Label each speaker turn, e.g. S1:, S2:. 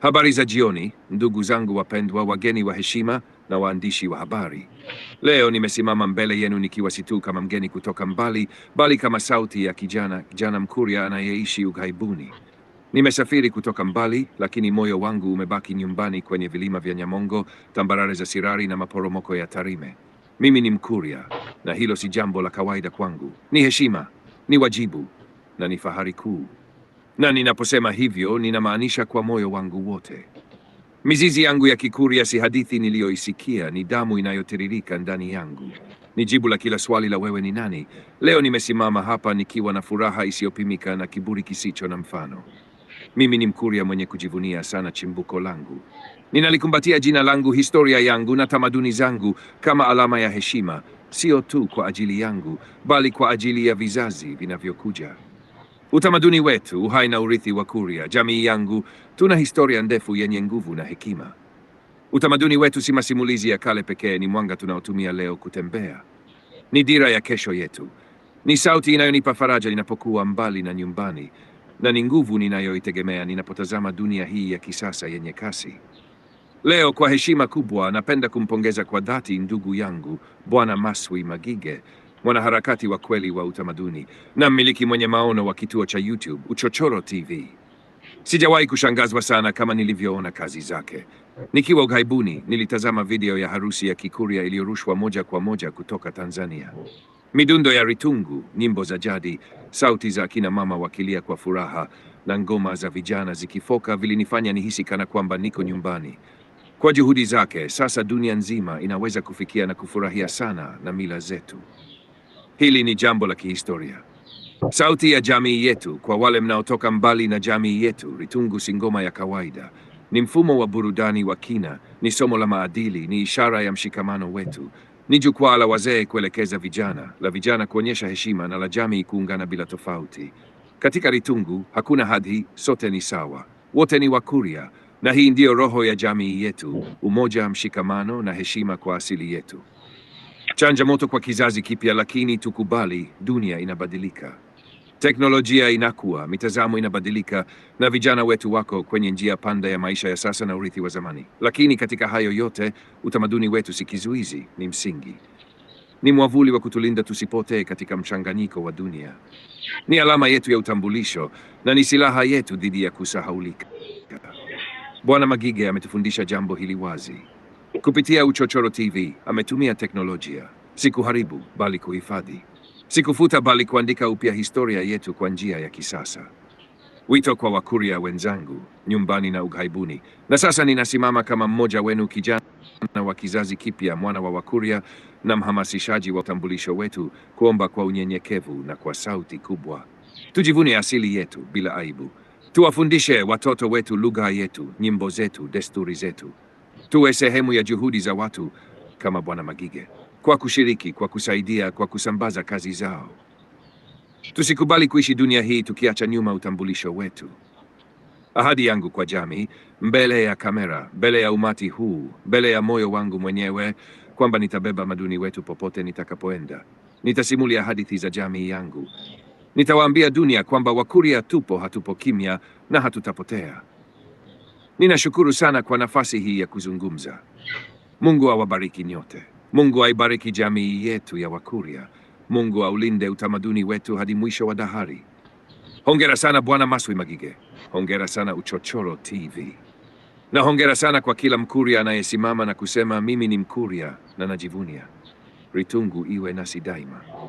S1: Habari za jioni, ndugu zangu wapendwa, wageni wa heshima na waandishi wa habari. Leo nimesimama mbele yenu nikiwa si tu kama mgeni kutoka mbali, bali kama sauti ya kijana kijana Mkuria anayeishi ughaibuni. Nimesafiri kutoka mbali, lakini moyo wangu umebaki nyumbani kwenye vilima vya Nyamongo, tambarare za Sirari na maporomoko ya Tarime. Mimi ni Mkuria, na hilo si jambo la kawaida kwangu. Ni heshima, ni wajibu na ni fahari kuu na ninaposema hivyo ninamaanisha kwa moyo wangu wote. Mizizi yangu ya Kikurya si hadithi niliyoisikia, ni damu inayotiririka ndani yangu, ni jibu la kila swali la wewe ni nani. Leo nimesimama hapa nikiwa na furaha isiyopimika na kiburi kisicho na mfano. Mimi ni Mkurya mwenye kujivunia sana chimbuko langu. Ninalikumbatia jina langu, historia yangu na tamaduni zangu kama alama ya heshima, sio tu kwa ajili yangu, bali kwa ajili ya vizazi vinavyokuja. Utamaduni wetu, uhai na urithi wa Kuria, jamii yangu, tuna historia ndefu yenye nguvu na hekima. Utamaduni wetu si masimulizi ya kale pekee, ni mwanga tunaotumia leo kutembea. Ni dira ya kesho yetu, ni sauti inayonipa faraja ninapokuwa mbali na nyumbani, na ni nguvu ninayoitegemea ninapotazama dunia hii ya kisasa yenye kasi. Leo kwa heshima kubwa, napenda kumpongeza kwa dhati ndugu yangu Bwana Maswi Magige mwanaharakati wa kweli wa utamaduni na mmiliki mwenye maono wa kituo cha YouTube Uchochoro TV. Sijawahi kushangazwa sana kama nilivyoona kazi zake. Nikiwa ughaibuni, nilitazama video ya harusi ya Kikuria iliyorushwa moja kwa moja kutoka Tanzania. Midundo ya ritungu, nyimbo za jadi, sauti za akina mama wakilia kwa furaha na ngoma za vijana zikifoka vilinifanya nihisi kana kwamba niko nyumbani. Kwa juhudi zake, sasa dunia nzima inaweza kufikia na kufurahia sana na mila zetu. Hili ni jambo la kihistoria. Sauti ya jamii yetu, kwa wale mnaotoka mbali na jamii yetu, Ritungu si ngoma ya kawaida. Ni mfumo wa burudani wa kina, ni somo la maadili, ni ishara ya mshikamano wetu, ni jukwaa la wazee kuelekeza vijana, la vijana kuonyesha heshima, na la jamii kuungana bila tofauti. Katika Ritungu hakuna hadhi, sote ni sawa, wote ni Wakuria, na hii ndiyo roho ya jamii yetu: umoja, mshikamano na heshima kwa asili yetu. Chanja moto kwa kizazi kipya, lakini tukubali, dunia inabadilika, teknolojia inakuwa, mitazamo inabadilika, na vijana wetu wako kwenye njia panda ya maisha ya sasa na urithi wa zamani. Lakini katika hayo yote, utamaduni wetu si kizuizi, ni msingi, ni mwavuli wa kutulinda tusipotee katika mchanganyiko wa dunia. Ni alama yetu ya utambulisho na ni silaha yetu dhidi ya kusahaulika. Bwana Magige ametufundisha jambo hili wazi. Kupitia Uchochoro TV ametumia teknolojia, si kuharibu bali kuhifadhi, sikufuta bali kuandika upya historia yetu kwa njia ya kisasa. Wito kwa Wakuria wenzangu nyumbani na ughaibuni. Na sasa ninasimama kama mmoja wenu, kijana wa kizazi kipya, mwana wa Wakuria na mhamasishaji wa utambulisho wetu, kuomba kwa unyenyekevu na kwa sauti kubwa, tujivune asili yetu bila aibu. Tuwafundishe watoto wetu lugha yetu, nyimbo zetu, desturi zetu tuwe sehemu ya juhudi za watu kama Bwana Magige, kwa kushiriki, kwa kusaidia, kwa kusambaza kazi zao. Tusikubali kuishi dunia hii tukiacha nyuma utambulisho wetu. Ahadi yangu kwa jamii, mbele ya kamera, mbele ya umati huu, mbele ya moyo wangu mwenyewe, kwamba nitabeba maduni wetu popote nitakapoenda. Nitasimulia hadithi za jamii yangu. Nitawaambia dunia kwamba Wakuria tupo, hatupo kimya na hatutapotea. Ninashukuru sana kwa nafasi hii ya kuzungumza. Mungu awabariki nyote. Mungu aibariki jamii yetu ya Wakurya. Mungu aulinde utamaduni wetu hadi mwisho wa dahari. Hongera sana Bwana Maswi Magige. Hongera sana Uchochoro TV. Na hongera sana kwa kila Mkurya anayesimama na kusema mimi ni Mkurya na najivunia. Ritungu iwe nasi daima.